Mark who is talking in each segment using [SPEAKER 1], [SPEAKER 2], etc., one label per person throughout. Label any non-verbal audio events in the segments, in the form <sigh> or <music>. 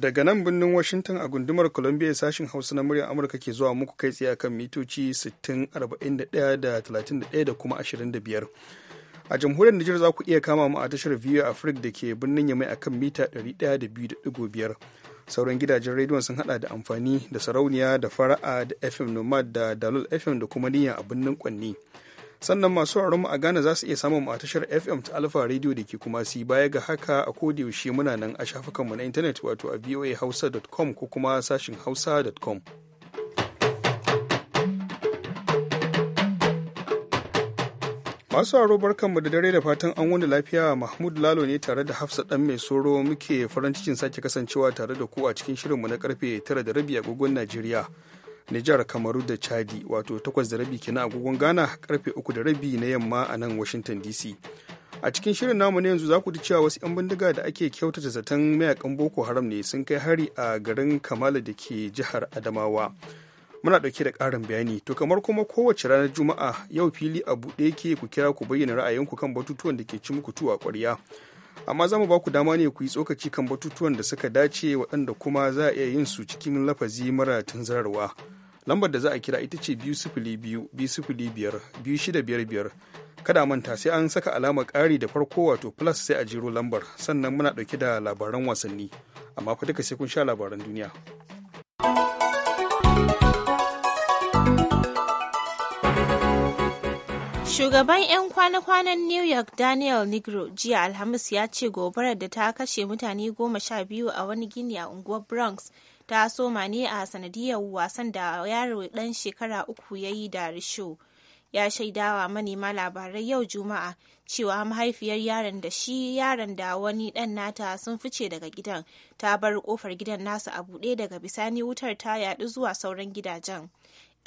[SPEAKER 1] daga nan birnin washington a gundumar columbia sashin hausa na muryar amurka ke zuwa muku kai tsaye akan mitoci 41 da 31 da kuma 25 a jamhuriyar nijar za ku iya kama mu a tashar viewer africa da ke birnin yamai akan mita 102.5 sauran gidajen rediyon sun hada da amfani da sarauniya da fara'a da fm nomad da dalol fm da kuma niyya a birnin kwanni sannan masu mu a Ghana za su iya samun a tashar FM ta Alfa Radio da ke kuma si baya ga haka a yaushe muna nan a shafukanmu na intanet wato a voahausa.com ko kuma sashin hausa.com. Masu haro mu da dare da fatan an wani lafiya Mahmud Lalo ne tare da Hafsa dan mai soro muke farin cikin sake kasancewa tare da ku a cikin shirinmu na karfe 9 da rabi agogon Najeriya. Nijar, Kamaru da Chadi wato 8 da rabi kenan agogon Ghana karfe 3 da rabi na yamma a nan Washington DC. A cikin shirin namu na yanzu zaku ku ji cewa wasu 'yan bindiga da ake kyautata zaton mayakan Boko Haram ne sun kai hari a garin Kamala da ke jihar Adamawa. Muna ɗauke da karin bayani, to kamar kuma kowace ranar Juma'a yau fili a buɗe ke ku kira ku bayyana ra'ayinku kan batutuwan da ke ci muku tuwa ƙwarya. amma za mu ba ku dama ne ku yi tsokaci kan batutuwan da suka dace waɗanda kuma za a iya yin su cikin lafazi mara tunzararwa lambar da za a kira ita ce biyu sifili kada manta sai an saka alamar ƙari da farko wato plus sai a jiro lambar sannan muna ɗauke da labaran wasanni amma fa duka sai kun sha labaran duniya.
[SPEAKER 2] Shugaban 'yan kwana-kwanan New York Daniel Negro jiya Alhamis ya ce gobarar da ta kashe mutane goma sha biyu a wani gini a unguwar Bronx ta soma ne a sanadiyar wasan da yaro dan shekara uku ya yi da risho. Ya shaidawa manema labarai yau Juma'a cewa mahaifiyar yaron da shi yaron da wani dan nata sun fice daga gidan ta bar kofar gidan nasu a buɗe daga bisani wutar ta yaɗu zuwa sauran gidajen.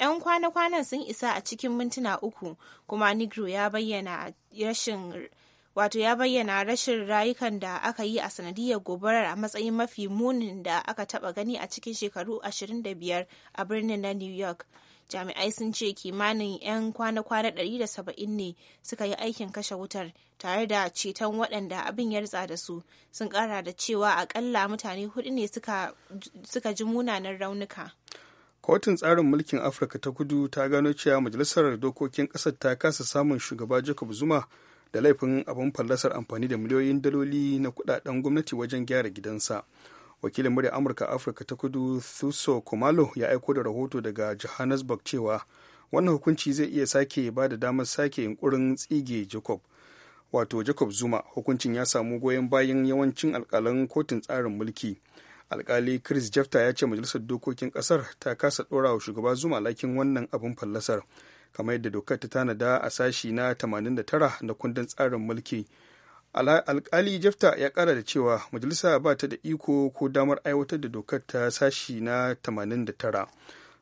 [SPEAKER 2] 'Yan kwana-kwanan sun isa a cikin mintuna uku, kuma Negro ya bayyana rashin wato ya bayyana rashin rayukan da aka yi a sanadiyar gobarar a matsayin mafi munin da aka taba gani a cikin shekaru 25 a birnin na new york jami'ai sun ce kimanin 'yan kwana-kwana 170 ne suka yi aikin kashe wutar tare da ceton waɗanda abin ya ritsa da su sun ƙara da cewa akalla mutane hudu ne suka ji munanan raunuka.
[SPEAKER 1] kotun tsarin mulkin afirka ta kudu ta gano cewa majalisar dokokin ƙasar ta kasa samun shugaba jacob zuma da laifin abin fallasar amfani da miliyoyin daloli na kudaden gwamnati wajen gyara gidansa wakilin murya amurka afirka ta kudu thuso kumalo ya aiko da rahoto daga johannesburg cewa wannan hukunci zai iya sake ba da damar sake yunkurin tsige jacob wato jacob zuma hukuncin ya samu goyon bayan yawancin alkalan kotun tsarin mulki alkali chris jefta ya ce majalisar dokokin kasar ta kasa dora wa shugaba zuma lakin wannan abin fallasar kamar yadda dokar ta tanada a sashi na 89 na kundin tsarin mulki alkali jefta ya kara da cewa majalisa ba ta da iko ko damar aiwatar da dokar ta sashi na 89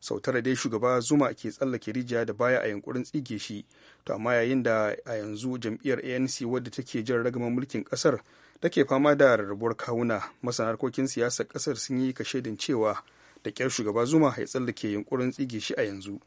[SPEAKER 1] sau tara dai shugaba zuma ke tsallake rijiya da baya a yankurin tsige shi to amma yayin da a yanzu jam'iyyar anc wadda take jan ragaman mulkin kasar take fama da rarrabuwar kawuna masana harkokin siyasar kasar sun yi kashedin cewa da kyar shugaba zuma ya tsallake yunkurin tsige shi a yanzu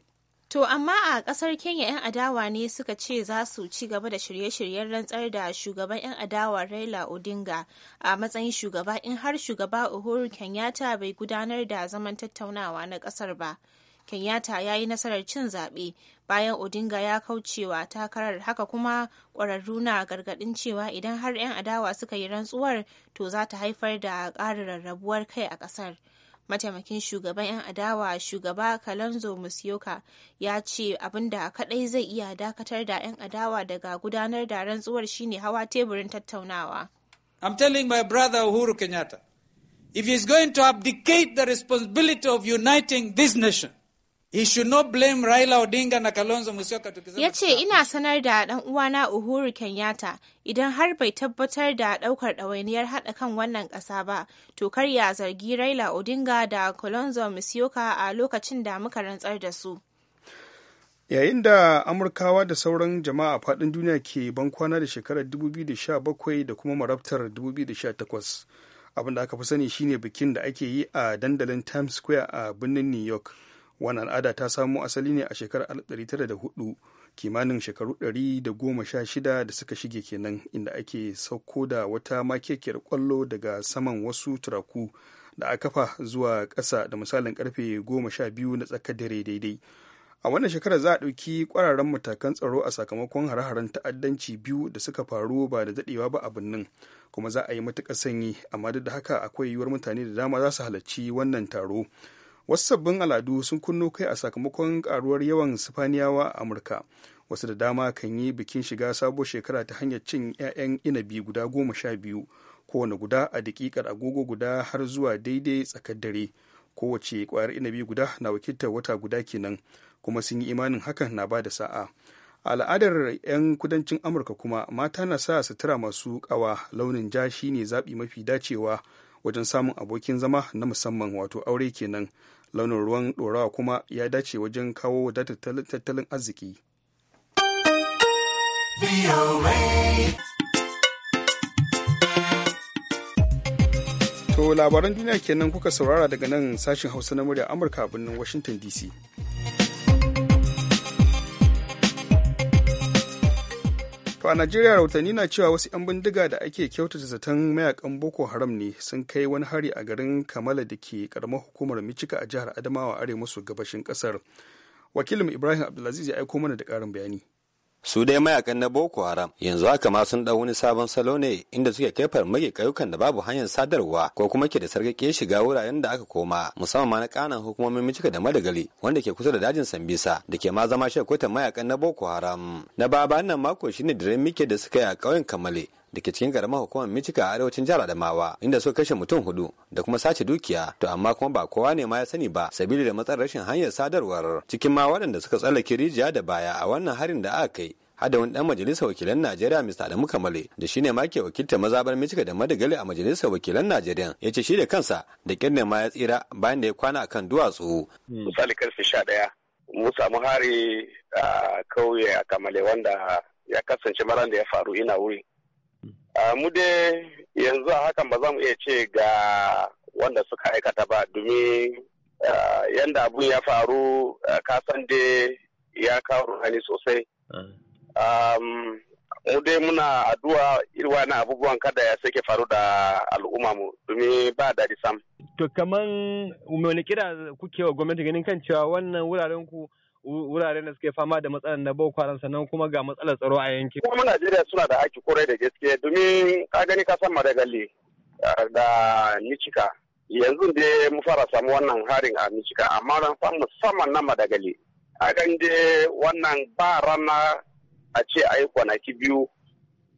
[SPEAKER 2] To amma a kasar Kenya 'yan adawa ne suka ce za su ci gaba da shirye-shiryen rantsar da shugaban 'yan adawa Raila Odinga a matsayin shugaba in har shugaba Uhuru Kenyatta bai gudanar da zaman tattaunawa na kasar ba. kenyatta ya yi nasarar cin zaɓe bayan odinga ya kaucewa takarar haka kuma ƙwararru na gargaɗin cewa idan har 'yan adawa suka yi rantsuwar to za ta haifar da ƙarin rarrabuwar kai a ƙasar mataimakin shugaban 'yan adawa shugaba kalanzo musyoka ya ce abin da kaɗai zai iya dakatar da 'yan adawa daga gudanar da rantsuwar shine hawa teburin tattaunawa i'm
[SPEAKER 3] telling my brother uhuru kenyatta if he's going to abdicate the responsibility of uniting this nation Ya
[SPEAKER 2] ce ina sanar da ɗan uwana Uhuru Kenyatta idan har bai tabbatar da daukar dawainiyar hada kan wannan kasa ba, to kar ya zargi Raila Odinga da Kalonzo Musyoka a lokacin da muka rantsar da su.
[SPEAKER 1] Yayin da Amurkawa da sauran jama'a fadin duniya ke bankwana da shekarar 2017 da kuma marabtar 2018, abin da aka fi sani shine bikin da ake yi a dandalin Times Square a birnin New York. wannan al'ada ta samo asali ne a shekarar 1904 kimanin shekaru 116 da suka shige kenan inda ake sauko da wata makekiyar kwallo daga saman wasu turaku da aka kafa zuwa ƙasa da misalin karfe 12 na tsakar dare daidai a wannan shekarar za a ɗauki ƙwararren matakan tsaro a sakamakon hare-haren ta'addanci biyu da suka faru ba da daɗewa ba a birnin kuma za a yi matuƙar sanyi amma duk da haka akwai yiwuwar mutane da dama za su halarci wannan taro wasu sabbin al'adu sun kunno kai a sakamakon karuwar yawan sifaniyawa a amurka wasu da dama kan yi bikin shiga sabuwar shekara ta hanyar cin 'ya'yan inabi guda goma sha biyu kowane guda a dakikar agogo guda har zuwa daidai tsakar dare kowace kwayar inabi guda na wakiltar wata guda kenan kuma sun yi imanin hakan na ba da sa'a al'adar 'yan kudancin amurka kuma mata na sa sutura masu kawa launin ja shine zaɓi mafi dacewa wajen samun abokin zama na musamman wato aure kenan launin ruwan ɗorawa kuma ya dace wajen kawo wadatar tattalin arziki To labaran duniya kenan kuka saurara daga nan sashen hausa na murya amurka a birnin washington dc To a Najeriya rahotanni na cewa wasu 'yan bindiga da ake kyautata zaton mayakan Boko Haram ne sun kai wani hari a garin Kamala da ke karamar hukumar Michika a jihar Adamawa arewa maso gabashin kasar. Wakilin Ibrahim Abdulaziz ya aiko mana da karin bayani.
[SPEAKER 4] su dai mayakan na boko haram yanzu haka ma sun dau wani sabon salo ne inda suke kai farmaki kayukan da babu hanyar sadarwa ko kuma ke da sarkake shiga wuraren da aka koma musamman ma na kanan hukumomin mijika da madagali wanda ke kusa da dajin sambisa da ke ma zama shekotan mayakan na boko haram na baba nan mako shine dare muke da suka yi a ƙauyen kamale da ke cikin karamar hukumar Michika a arewacin jihar Adamawa inda suka kashe mutum hudu da kuma sace dukiya to amma kuma ba kowa ne ma ya sani ba sabili da matsalar rashin hanyar sadarwar cikin ma waɗanda suka tsallake rijiya da baya a wannan harin da aka kai hada wani dan majalisar wakilan Najeriya Mr. Adamu Kamale da shine ma ke wakiltar mazabar Michiga da Madagali a majalisar wakilan Najeriya ya ce shi da kansa da kirne ma ya tsira bayan da ya kwana kan duwatsu.
[SPEAKER 5] Hmm. Misali karfe sha ɗaya samu hari a kauye a Kamale wanda ya kasance maran da ya faru ina wuri. mu dai yanzu a hakan ba za mu iya ce ga wanda suka aikata ba domin yadda abun ya faru kasan dai ya kawo ruhani sosai ah. mu dai muna addu'a irwa na abubuwan kada ya sake faru da al'umma mu domin ba daɗi sam
[SPEAKER 4] to kaman wani kira kuke wa gwamnati ganin kan cewa wannan wuraren ku wuraren da suke fama da matsalar na boko haram sannan kuma ga matsalar tsaro a yankin.
[SPEAKER 5] Kuma Najeriya suna da aiki kore da gaske domin ka gani ka san Madagali da Michika. Yanzu da mu fara samu wannan harin a Michika amma ran san musamman na Madagali. A je wannan ba rana a ce a yi kwanaki biyu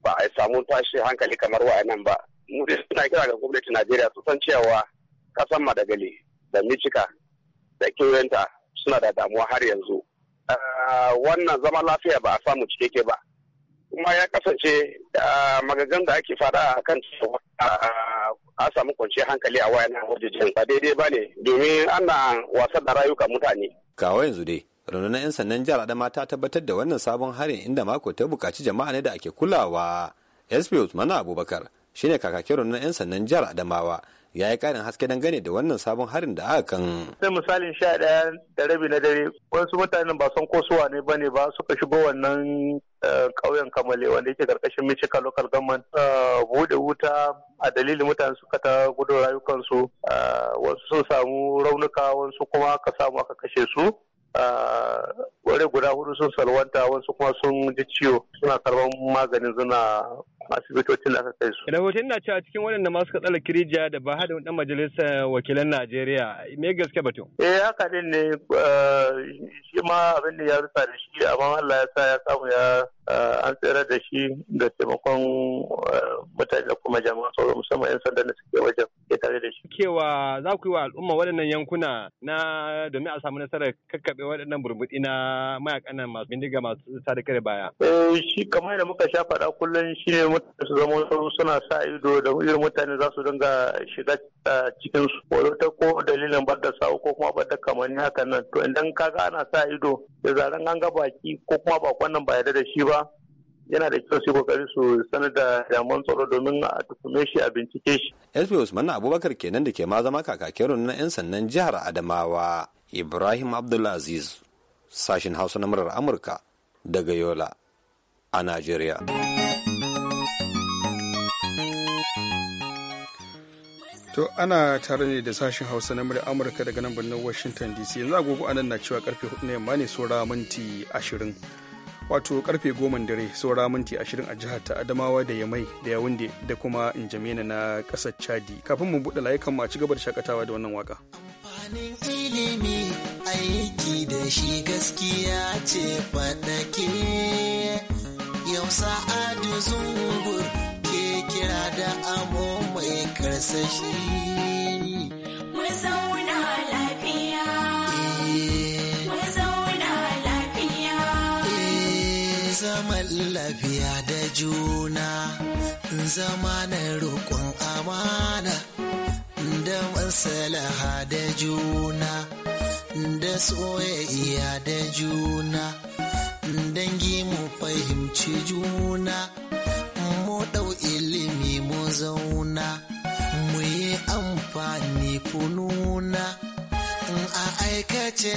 [SPEAKER 5] ba a samu tashi hankali kamar wa'annan ba. Mu dai suna kira ga gwamnatin Najeriya su san cewa kasan Madagali da Michika da Kiwenta suna da damuwa har yanzu ah, wannan zama lafiya ba a samu ke ba kuma ya kasance ah, magagan da ake fada a kan ah, a samu kwanciyar hankali a wayan wajejen ba daidai ba ne domin ana wasa da rayuka mutane
[SPEAKER 4] kawo yanzu dai rundunar 'yan sannan jihar adama ta tabbatar da wannan sabon harin inda mako ta buƙaci jama'a ne da ake kulawa sp usman abubakar shi ne kakakin rundunar 'yan sannan jihar adamawa ya yi karin haske dangane da wannan sabon harin da aka kan.
[SPEAKER 6] sai misalin sha ɗaya da rabi na dare wasu mutanen ba son ko suwa ne bane ba suka shigo wannan eh, ƙauyen kamale wanda yake karkashin michika local government eh, bude wuta a dalilin mutane suka ta gudu rayukansu eh, wasu sun samu raunuka wasu kuma aka samu aka kashe su Wani guda hudu sun salwanta wasu kuma sun ji ciwo suna karban maganin suna asibitocin da aka kai su. Rahoton na cewa cikin
[SPEAKER 4] waɗanda masu tsala kirija da ba hada ɗan majalisar wakilan Najeriya me gaske batun?
[SPEAKER 6] Eh haka din ne eh, shi ma abin da ya rusa da shi amma Allah ya sa ya samu ya eh, an tsere da shi da taimakon eh, mutane da kuma jama'a sauran musamman 'yan sanda da suke wajen ke tare da shi.
[SPEAKER 4] Kewa za ku yi wa al'umma waɗannan yankuna na domin a samu nasarar kakkaɓe waɗannan burbuɗi na mayakan masu bindiga masu sadakar baya.
[SPEAKER 6] Eh shi kamar da muka sha faɗa kullum shi ne mutane su zama wasu suna sa ido da irin mutane za su dinga shiga cikin su wani ta ko dalilin bar da sawu ko kuma bar da kamanni hakan nan to idan kaga ana sa ido da zaren an ga baki ko kuma bakon nan ba yarda da shi ba yana da kyau su kokari su sanar da jaman tsaro domin a tukume shi a
[SPEAKER 4] bincike shi. Elfi Usman Abubakar kenan da ke ma zama kakakin na 'yan sannan jihar Adamawa Ibrahim Abdulaziz sashin Hausa na murar Amurka daga Yola a Najeriya.
[SPEAKER 1] To ana tare ne da sashen Hausa na murya Amurka daga nan birnin Washington DC yanzu agogo anan na cewa karfe 4 ne yamma ne saura minti 20. Wato karfe 10 dare saura minti 20 a jihar ta Adamawa da Yamai da Yawunde da kuma Injamena na kasar Chadi. Kafin mu buɗe layukan mu a ci gaba da shakatawa da wannan waka.
[SPEAKER 7] Amfanin ilimi aiki da shi gaskiya ce faɗake yau sa'adu zungur ke kira da amo Eh, zaman lafiya da juna zama na roƙon amana da masalaha da juna da soyayya da juna dangi mu fahimci juna mu ɗau ilimi mu zauna ku amfani kununa in a aikace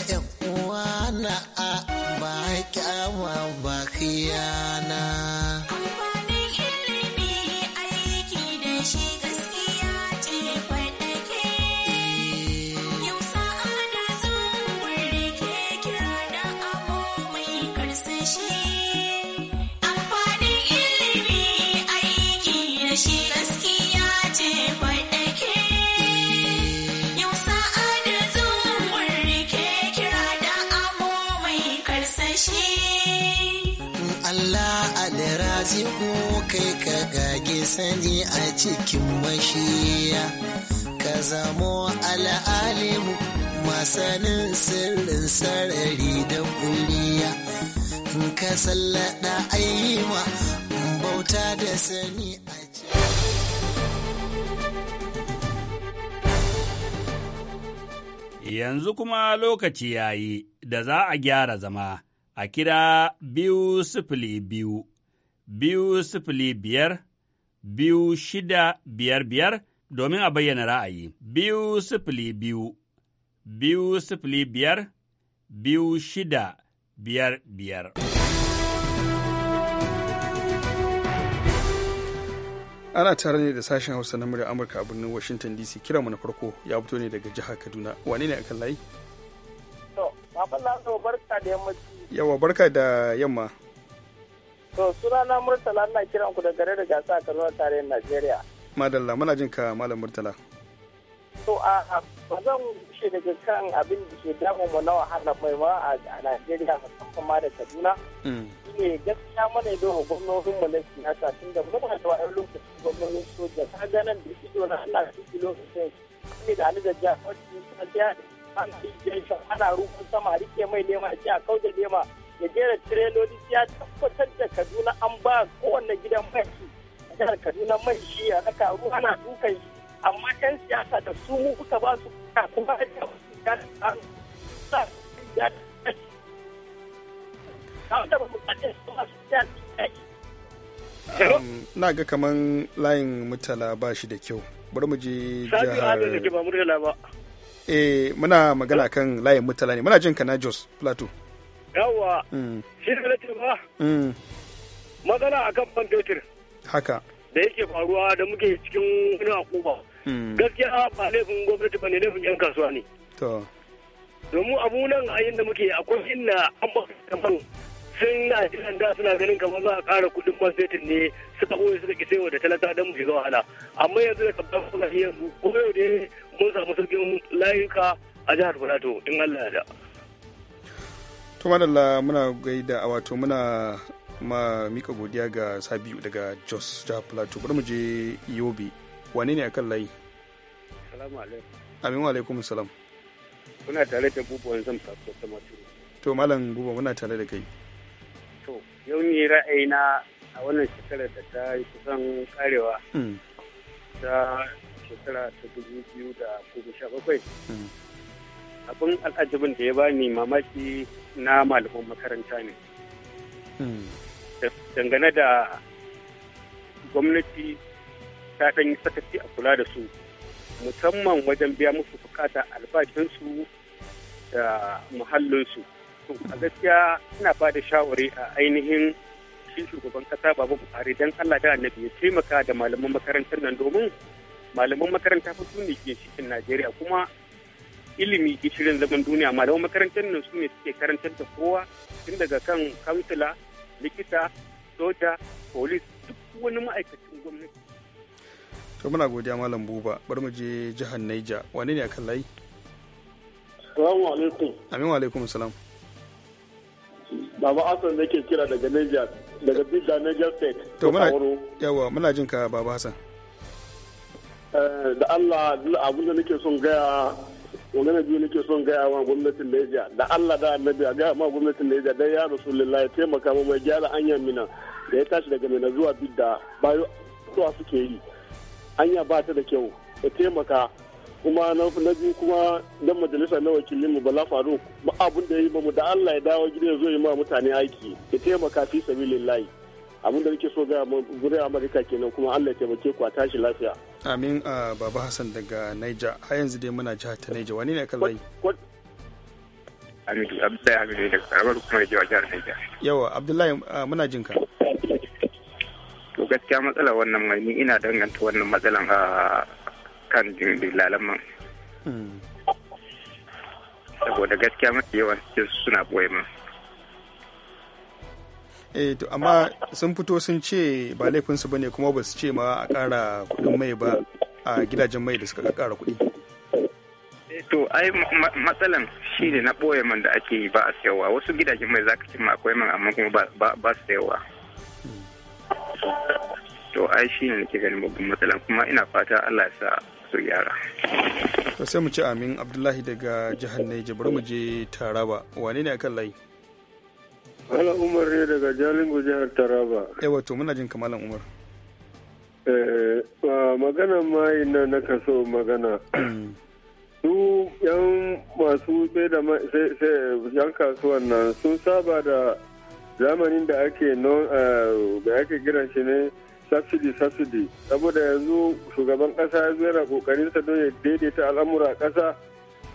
[SPEAKER 7] uwa na a ba kyama ba kiyama ke sani a cikin mashiya ka zamo al'alimu masanin sirrin sarari da kuliya in ka sallada ayyima bauta da sani a
[SPEAKER 3] Yanzu kuma lokaci ya yi da za a gyara zama a kira biyu sifili biyu, biyu sifili biyar biyu shida biyar biyar domin a bayyana ra'ayi. Biyu sifili biyu, biyu sifili biyar, biyu shida biyar biyar.
[SPEAKER 1] Ana tare ne da sashen Hausa na murya Amurka a birnin Washington DC mu na farko ya fito ne daga jihar Kaduna. Wane ne akan layi? To, Yawa barka da yamma.
[SPEAKER 8] To sunana Murtala na kiran ku da gare da gasa a Kano tarayyar Najeriya.
[SPEAKER 1] Madalla muna jin ka Malam Murtala.
[SPEAKER 8] To a ba zan daga kan abin da ke damu mu na wahala mai ma a Najeriya musamman ma da Kaduna. ne gaskiya mana ido ga gwamnatin mu na siyasa tun da muna da wa'yan lokacin gwamnatin soja ta ganin da
[SPEAKER 5] shi na ana ciki lokacin ne da ni da Jafar Ana yi ana rufin sama rike mai lema a kauda lema ya jera tireloli ya tabbatar da kaduna an ba kowanne gidan mai a jihar kaduna mai shi ya raka ruwa na dukan shi amma yan siyasa da su mu kuka ba su kuma da wasu ya su ya
[SPEAKER 1] na ga kaman layin mutala ba shi da kyau bari mu je jihar eh muna magana kan layin mutala ne muna jin ka na jos plateau yawa mm.
[SPEAKER 6] Shi da nake ba. Mm. Matsala a man fetur. Haka. Da yake faruwa da muke cikin wani akuba. Mm. Gaskiya ba laifin gwamnati ba ne laifin 'yan kasuwa ne. To. Domin abu a yin da muke akwai inda an ba su sun na jiran da suna ganin kamar za a kara kuɗin man fetur ne suka ɓoye suka ƙi sayo da talata don mu shiga wahala amma yanzu da kabbar kuma yanzu ko yau dai mun samu sauƙin layuka a jihar Filato in Allah ya da.
[SPEAKER 1] to madalla muna gaida wato muna ma mika godiya ga sabiu daga jos ja plato bari mu je yobe wane ne akan layi
[SPEAKER 3] salamu alaikum
[SPEAKER 1] amin wa alaikum salam
[SPEAKER 3] muna tare da bubuwan zan fasko ta masu
[SPEAKER 1] to malam bubuwan muna tare da kai
[SPEAKER 3] to yau ni ra'ayina a wannan shekarar da ta yi kusan karewa hmm. ta shekara ta dubu biyu da goma sha bakwai hmm. abin al'ajabin da ya bani mamaki na malaman makaranta ne hmm. dangane da gwamnati ta ɗan yi sakaci a kula da su musamman wajen biya musu bukata albashinsu da muhallinsu to a gaskiya ina ba da shawari a ainihin shi shugaban kasa baba buhari don allah da annabi ya taimaka da malaman makarantar nan domin malaman makaranta fa ne ke cikin najeriya kuma ilimi gishirin zaman duniya malaman makarantar nan su ne suke karantar da kowa tun daga kan kansila likita soja polis duk wani ma'aikacin gwamnati
[SPEAKER 1] to muna godiya malam buba bar mu je jihar naija wane ne akan layi
[SPEAKER 8] salamu alaikum
[SPEAKER 1] amin wa alaikum salam
[SPEAKER 8] baba hassan nake kira daga naija daga bidda naija state
[SPEAKER 1] to muna yawa muna jin ka baba hassan
[SPEAKER 8] eh, da Allah abin da nake son gaya magana biyu nake son gaya wa gwamnatin Niger da Allah da Annabi a gaya ma gwamnatin Niger dai ya Rasulullahi taimaka mu mai gyara anya Mina da ya tashi daga Mina zuwa Bidda bayo zuwa suke yi anya ba ta da kyau ya taimaka kuma na na biyu kuma dan majalisa na wakilinmu Bala Faruk ba abun da ya yi ba mu da Allah ya dawo gida ya zo yi ma mutane aiki ya taimaka fi sabilillahi abun da nake so ga gure Amerika kenan kuma Allah ya taimake ku a tashi lafiya
[SPEAKER 1] amin a uh, baba hassan daga naija a yanzu dai muna jihar ta naija wani ne kan layi yawa abdullahi uh, muna jin ka
[SPEAKER 3] to gaskiya matsala wannan mai ni ina danganta wannan matsalar a uh, kan dillalan man hmm. saboda gaskiya mafi yawan suna boye man
[SPEAKER 1] eh to amma sun fito sun ce ba laifinsu ba ne kuma ba su ce ma a ƙara kuɗin mai ba a gidajen mai da suka ƙara kuɗi
[SPEAKER 5] eh, to ai matsalan shi
[SPEAKER 3] ne na ɓoye man da ake yi ba a sayarwa wasu gidajen mai zaka ci ma akwai man amma kuma ba su sayarwa to ai shi ne nake ganin babban matsalan kuma ina fata
[SPEAKER 8] Allah ya sa su gyara
[SPEAKER 1] to sai mu ci amin Abdullahi daga jihar Niger bari mu je Taraba wane ne akan layi
[SPEAKER 8] Malam Umar ne daga Jalingo jihar Taraba.
[SPEAKER 1] Eh wato muna jin kamalan Umar.
[SPEAKER 8] Eh, magana mai nan na kaso magana. <clears throat> Su yan masu sai da yan kasuwan nan sun saba da zamanin da ake eh, da ake shi ne subsidy subsidy saboda yanzu shugaban kasa ya zo yana kokarin sa don ya daidaita al'amura kasa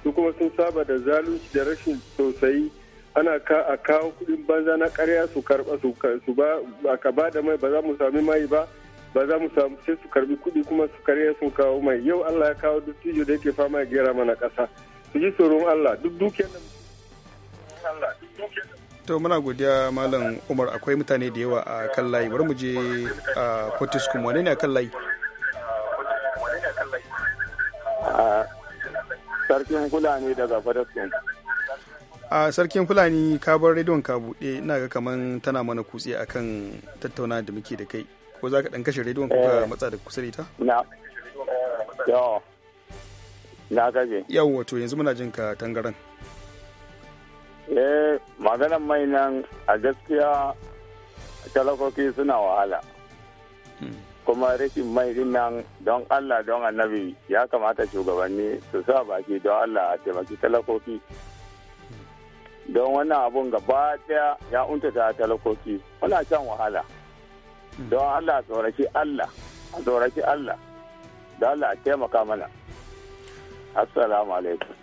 [SPEAKER 8] su kuma sun saba da zalunci da rashin tausayi ana ka a kawo kuɗin banza na ƙarya su karɓa su ba a ka ba da mai ba za mu sami mai ba ba za mu samu sai su karbi kuɗi kuma su karya sun kawo mai yau Allah ya kawo duk tijo da yake fama ya gera mana ƙasa su ji tsoron Allah duk dukiyar
[SPEAKER 1] da to muna godiya malam Umar akwai mutane da yawa a kan layi bari mu je a Fortiskum wane ne a kan layi
[SPEAKER 8] sarkin kula ne daga Fortiskum
[SPEAKER 1] a sarkin fulani ka bar rediyon ka buɗe ina ga kaman tana mana kutse akan tattauna da muke da kai ko za ka ɗan kashe rediyon ka eh. matsa da kusa ita na gaje. kaje wato yanzu muna jin ka tangaran
[SPEAKER 8] eh, maganan mai nan a gaskiya talakoki suna wahala hmm. kuma rashin mai din nan don Allah don annabi ya kamata shugabanni su sa baki don Allah a taimaki talakoki don wannan abun gaba daya ya untata talakoki muna shan wahala hmm. don allah tsoraki allah a tsoraki allah don allah a taimaka mana assalamu alaikum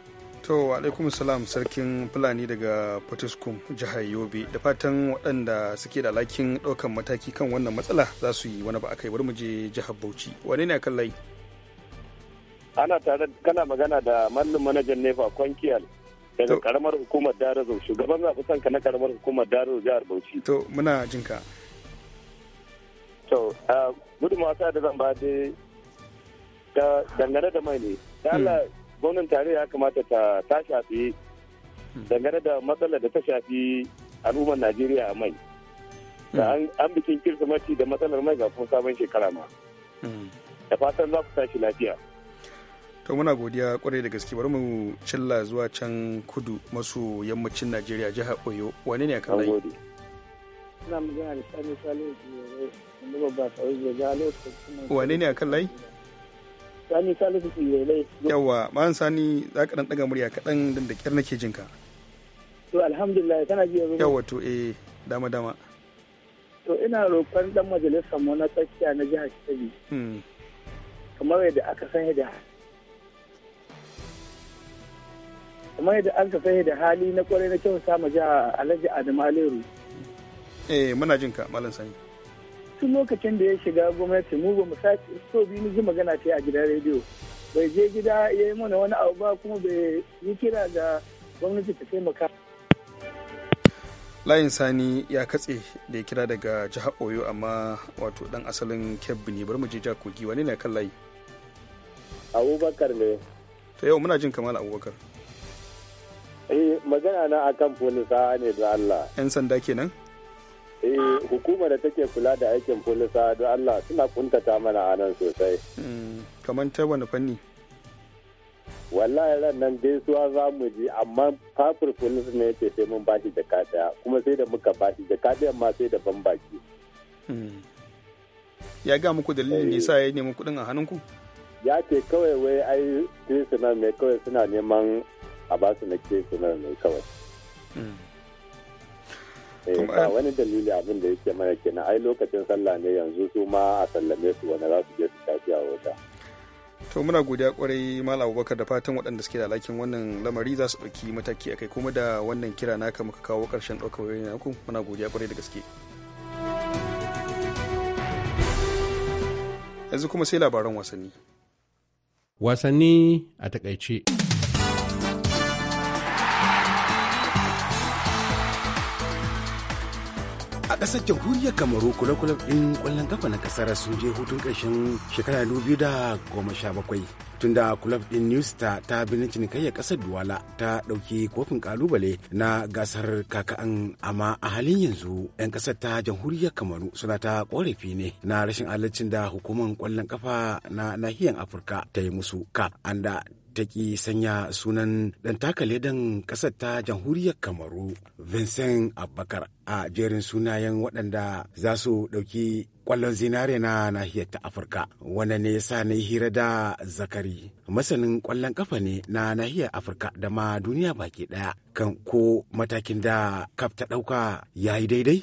[SPEAKER 1] to alaikum salam sarkin fulani daga potiskum jihar yobe da fatan waɗanda suke da alakin ɗaukan mataki kan wannan matsala za su yi wani ba a kai bari muje jihar bauchi wane ne kan layi
[SPEAKER 8] ana tare kana magana da mallin manajan nefa kwankiyar daga karamar hukumar Darazo shugaban zaɓuɓɓukan ka na karamar hukumar Darazo jihar Bauchi.
[SPEAKER 1] To muna jin ka.
[SPEAKER 8] To gudunmawa da zan ba dai da dangane da mai ne. Hmm. Allah gwamnan tare ya kamata ta ta shafi hmm. dangane da matsalar da ta shafi al'ummar Najeriya a mai. Da hmm. an bikin kirsimati da matsalar mai ga kuma sabon shekara ma. Da fatan za ku tashi
[SPEAKER 1] lafiya. to muna godiya kwarai da gaske bari mu cilla zuwa can kudu maso yammacin najeriya jihar oyo wani ne a kan layi
[SPEAKER 8] ina ne wane ne a kan layi sani salihu ne
[SPEAKER 1] yawa ma'an sani za ka dan daga murya kaɗan din da kyar nake jinka
[SPEAKER 8] to alhamdulillah kana ji yanzu yawa
[SPEAKER 1] to eh dama dama
[SPEAKER 8] to ina roƙon dan majalisar mu na tsakiya na jihar kebbi hmm. kamar yadda aka san da kuma yadda an ka fahimta da hali na kwarai na kyau samu jiha alhaji adamu
[SPEAKER 1] eh muna jin ka malam sani
[SPEAKER 8] tun lokacin da ya shiga gwamnati mu ba mu sake so bi ni ji magana ta a gidan rediyo bai je gida ya yi mana wani abu ba kuma bai yi kira ga gwamnati ta taimaka
[SPEAKER 1] layin sani ya katse da ya kira daga jihar oyo amma wato dan asalin kebbi ne bari mu je ja kogi wani ne kan layi
[SPEAKER 8] abubakar ne
[SPEAKER 1] ta yau muna jin kamar abubakar
[SPEAKER 8] Eh magana na akan polisa ne da Allah.
[SPEAKER 1] 'Yan sanda kenan?
[SPEAKER 8] Eh hukumar da take kula da aikin polisa da Allah suna kuntata mana a nan sosai.
[SPEAKER 1] Hmm, Kamar ta wani fanni?
[SPEAKER 8] Wallahi ran nan gaisuwa za mu ji amma fafur polis ne yake sai mun bashi da daya kuma sai da muka bashi da daya ma sai da ban baki. Hmm.
[SPEAKER 1] Ya ga muku dalilin nisa ya nemi kuɗin a hannunku?
[SPEAKER 8] Ya ce kawai wai ai sai suna mai kawai suna neman a ba su na kesunar ne kawai hmm. eh, ba eh. wani dalili abin da yake mana na ai lokacin sallah ne yanzu su ma a sallame su wani za su je su tafi a wata
[SPEAKER 1] to muna godiya kwarai malam abubakar da fatan waɗanda suke da alhakin wannan lamari za su ɗauki mataki akai kuma da wannan kira naka muka kawo ƙarshen ɗaukar wayoyin naku muna godiya kwarai da gaske yanzu kuma sai labaran wasanni
[SPEAKER 4] wasanni a takaice
[SPEAKER 9] kasar jamhuriyar kamaru kula-kula ɗin kwallon kafa na kasar sun je hutun ƙarshen shekara da goma sha bakwai tunda club ɗin new star ta birnin cinikayya ƙasar duwala ta ɗauki kofin ƙalubale na gasar kaka'an amma a halin yanzu 'yan kasar ta jamhuriyar kamaru suna ta ƙorafi ne na rashin alaccin da hukumar ƙwallon kafa na nahiyar afirka ta yi musu ka anda ta ki sanya sunan ɗan takaledan ƙasar ta jamhuriyar kamaru vincent abubakar a jerin sunayen waɗanda za su ɗauki ƙwallon zinare na nahiyar ta afirka wanda ne yasa na yi hira da zakari masanin ƙwallon kafa ne na nahiyar afirka da ma duniya baki ɗaya kan ko matakin da kaf ta ɗauka ya yi daidai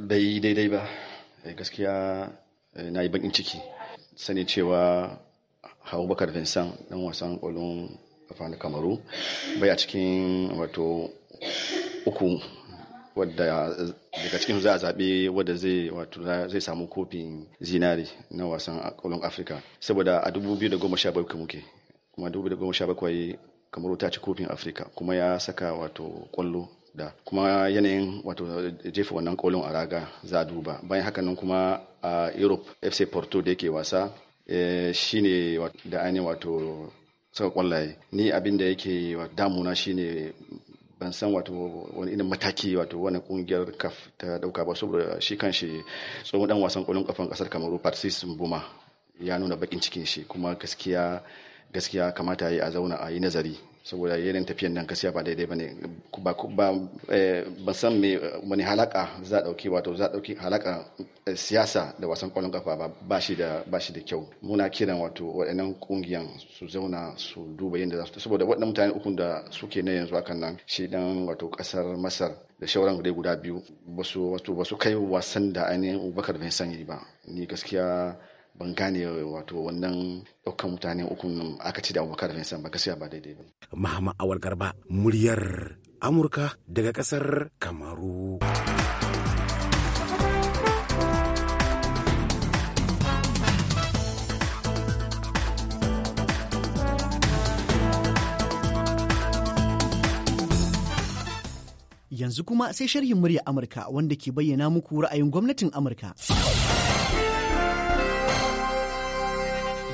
[SPEAKER 9] bai yi daidai ba
[SPEAKER 10] eh, gaskiya eh, na yi bakin ciki sani cewa Abubakar Vincent dan wasan kwallon kafan Kamaru bai a cikin wato uku wadda daga cikin za a zaɓe wadda zai wato zai samu kofin zinari na wasan kwallon Afirka saboda a 2017 muke kuma 2017 Kamaru ta ci kofin Afirka kuma ya saka wato kwallo da kuma yanayin wato jefa wannan kolon a raga za a duba bayan haka nan kuma a europe fc porto da yake wasa Eh, shi ne da ainihin wato saka kwallaye ni abin da yake damuna shi ne. ban san wato wani irin mataki wato wani kungiyar kaf ta dauka ba saboda shi kan shi tsohon dan wasan kwallon kafan kasar kamaru patrice mbuma ya nuna bakin cikin shi kuma gaskiya gaskiya kamata yi a zauna a yi nazari saboda yanayin tafiyan nan gaskiya ba daidai bane ba ba eh, san me wani halaka za dauki wato za dauki halaka eh, siyasa da wasan kwallon kafa ba ba shi da ba shi da kyau muna kiran wato waɗannan kungiyan su zauna su duba yadda za su saboda waɗannan mutane uku da suke na yanzu akan nan shi dan wato kasar Masar da shauran guda guda biyu ba su wato ba su kai wasan da ainihin Abubakar bai sanyi ba ni gaskiya ban gane wato wannan ɗaukan mutane
[SPEAKER 9] ukun aka ci da abubakar san ba gaskiya ba daidai ba. mahama awal garba muryar amurka daga ƙasar kamaru.
[SPEAKER 11] Yanzu kuma sai sharhin murya Amurka wanda ke bayyana muku ra'ayin gwamnatin Amurka.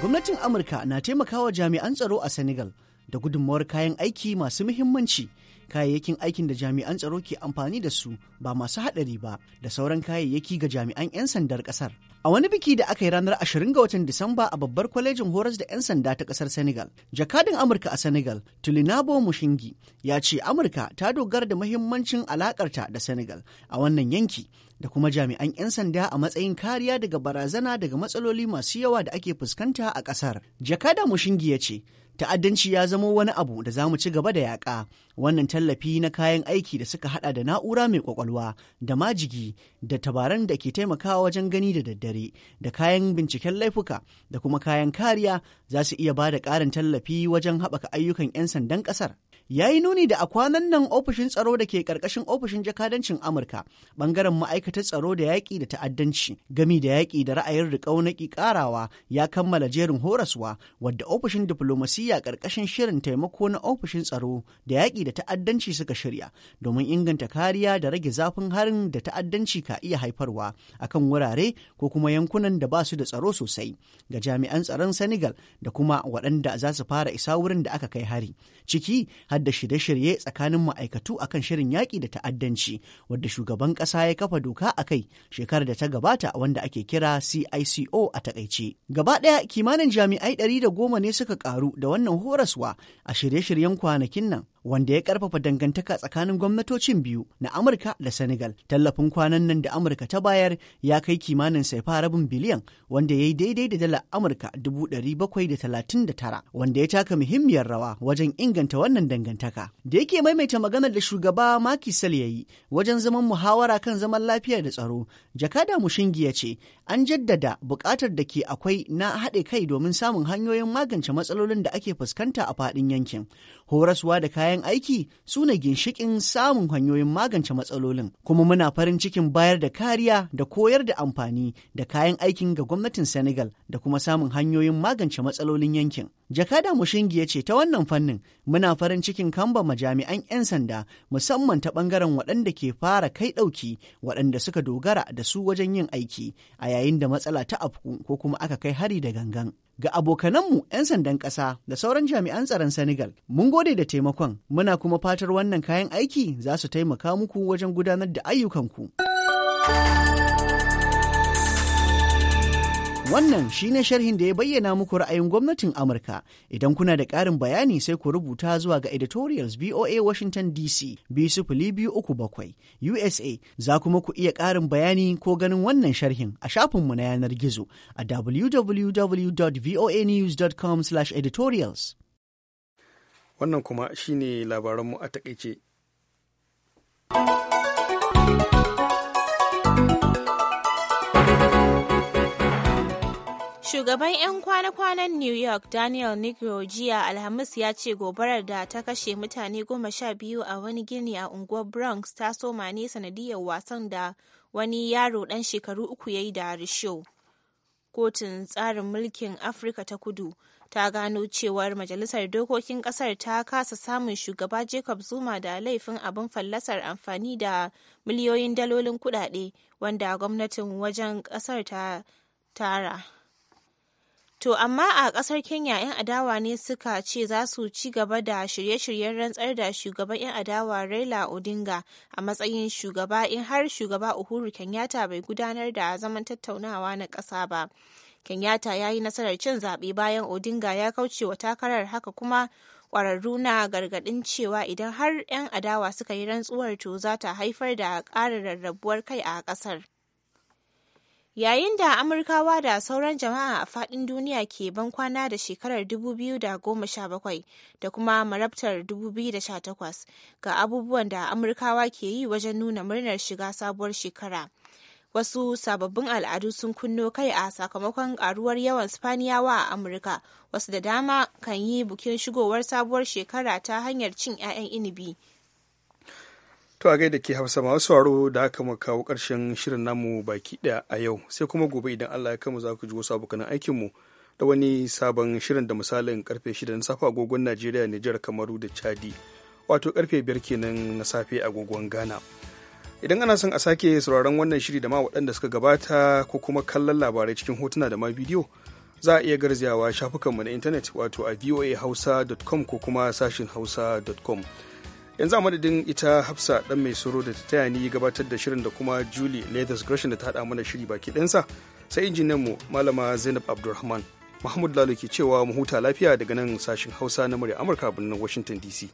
[SPEAKER 11] Gwamnatin Amurka na taimakawa jami'an tsaro a Senegal da gudunmawar kayan aiki masu muhimmanci, kayayyakin aikin da jami'an tsaro ke amfani da su ba masu haɗari ba da sauran kayayyaki ga jami'an 'yan sandar ƙasar. A wani biki da aka yi ranar 20 ga watan Disamba a babbar kwalejin horas da 'yan sanda ta ƙasar Senegal, jakadin Amurka a Senegal, Tulinabo Mushingi, ya ce Amurka ta dogara da muhimmancin alakarta da Senegal a wannan yanki da kuma jami'an 'yan sanda a matsayin kariya daga barazana daga matsaloli masu yawa da ake fuskanta a ƙasar. Jakada Mushingi ya ce, ta'addanci ya zamo wani abu da za mu ci gaba da yaƙa wannan tallafi na kayan aiki da suka hada da na'ura mai kwakwalwa da majigi da tabaran da ke taimakawa wajen gani da daddare da kayan binciken laifuka da kuma kayan kariya za su iya ba da ƙarin tallafi wajen haɓaka ayyukan 'yan sandan ƙasar ya yi nuni da a kwanan nan ofishin tsaro da ke ƙarƙashin ofishin jakadancin amurka ɓangaren ma'aikatar tsaro da yaƙi da ta'addanci gami da yaƙi da ra'ayin riƙau na ƙarawa ya kammala jerin horaswa wadda ofishin diflomasiyya ƙarƙashin shirin taimako na ofishin tsaro da yaƙi da ta'addanci suka shirya domin inganta kariya da rage zafin harin da ta'addanci ka iya haifarwa akan wurare ko kuma yankunan da ba su da tsaro sosai ga jami'an tsaron Senegal da kuma waɗanda za su fara isa wurin da aka kai hari ciki har da shirye-shirye tsakanin ma'aikatu akan shirin yaƙi da ta'addanci wadda shugaban ƙasa ya kafa doka doka a kai shekarar da ta gabata wanda ake kira CICO a takaice. Gaba ɗaya kimanin jami'ai ɗari da goma ne suka ƙaru da wannan horaswa a shirye-shiryen kwanakin nan wanda ya karfafa dangantaka tsakanin gwamnatocin biyu na Amurka da Senegal. Tallafin kwanan nan da Amurka ta bayar ya kai kimanin fara rabin biliyan wanda ya yi daidai da dala Amurka 739 wanda ya taka muhimmiyar rawa wajen inganta wannan dangantaka. Da yake maimaita maganar da shugaba Macky Sall ya yi wajen zaman muhawara kan zaman lafiya da tsaro, Jakada Mushingi ya ce an jaddada buƙatar da ke akwai na haɗe kai domin samun hanyoyin magance matsalolin da ake fuskanta a faɗin yankin. Horaswa da kayan kayan aiki su ne ginshikin samun hanyoyin magance matsalolin kuma muna farin cikin bayar da kariya da koyar da amfani da kayan aikin ga gwamnatin Senegal da kuma samun hanyoyin magance matsalolin yankin. Jakada Mushingi ya ce ta wannan fannin muna farin cikin kamba majami'an 'yan sanda musamman ta bangaren waɗanda ke fara kai ɗauki waɗanda suka dogara da su wajen yin aiki a yayin da matsala ta afku ko kuma aka kai hari da gangan. Ga abokananmu 'yan sandan ƙasa da sauran jami'an tsaron Senegal, mun gode da taimakon, muna kuma fatar wannan kayan aiki za su taimaka muku wajen gudanar da ayyukanku. Wannan shi ne sharhin da ya bayyana muku ra'ayin gwamnatin Amurka. Idan kuna da ƙarin bayani sai ku rubuta zuwa ga editorials boa Washington DC uku bakwai USA za kuma ku iya ƙarin bayani ko ganin wannan sharhin a shafinmu na yanar gizo a www.voanews.com/editorials.
[SPEAKER 1] Wannan kuma shi ne labaranmu a taƙaice.
[SPEAKER 2] Shugaban 'yan kwana-kwanan New York Daniel Negro jiya Alhamis ya ce gobarar da ta kashe mutane goma sha biyu a wani gini a unguwar Bronx ta soma ne sanadiyar wasan da wani yaro ɗan shekaru uku ya yi da risho. Kotun tsarin mulkin Afirka ta kudu ta gano cewar majalisar dokokin ƙasar ta kasa samun shugaba Jacob Zuma da laifin abin fallasar amfani da miliyoyin dalolin kuɗaɗe wanda gwamnatin wajen ƙasar ta tara. To amma a ƙasar Kenya 'yan adawa ne suka ce za su ci gaba da shirye-shiryen rantsar da shugaban 'yan adawa Raila Odinga a matsayin shugaba in har shugaba Uhuru Kenyatta bai gudanar da zaman tattaunawa na ƙasa ba. Kenyatta ya yi nasarar cin zaɓe bayan Odinga ya kauce wa takarar haka kuma ƙwararru na gargaɗin cewa idan har 'yan adawa suka yi rantsuwar to za ta haifar da ƙara rarrabuwar kai a ƙasar. Yayin da Amurkawa da sauran jama'a a faɗin duniya ke ban kwana da shekarar 2017 da kuma marabtar 2018 ga abubuwan da Amurkawa ke yi wajen nuna murnar shiga sabuwar shekara. Wasu sababbin al'adu sun kunno kai a sakamakon karuwar yawan Spaniyawa a Amurka, wasu da dama kan yi bukin shigowar sabuwar shekara ta hanyar cin 'ya'yan inibi.
[SPEAKER 1] To a gaida ke hafsa masu sauraro da aka ma kawo ƙarshen shirin namu baki ɗaya a yau sai kuma gobe idan Allah ya kama za ku ji wasu abokan aikinmu da wani sabon shirin da misalin karfe shida na safe agogon Najeriya, Nijar, Kamaru da Chadi. Wato karfe biyar kenan na safe agogon Ghana. idan ana son a sake sauraron wannan shiri da ma waɗanda suka gabata ko kuma kallon labarai cikin hotuna da ma bidiyo za a iya garzayawa shafukanmu na intanet wato a voahausa.com ko kuma sashin hausa.com yanzu a madadin ita hafsa dan mai sauro da ta taya ni gabatar da shirin da kuma julie leathers gresham da ta haɗa mana shiri baki ɗinsa sai injiniyan mu malama zainab abdulrahman mahmud lalo ke cewa mu huta lafiya daga nan sashen hausa na murya amurka birnin washington dc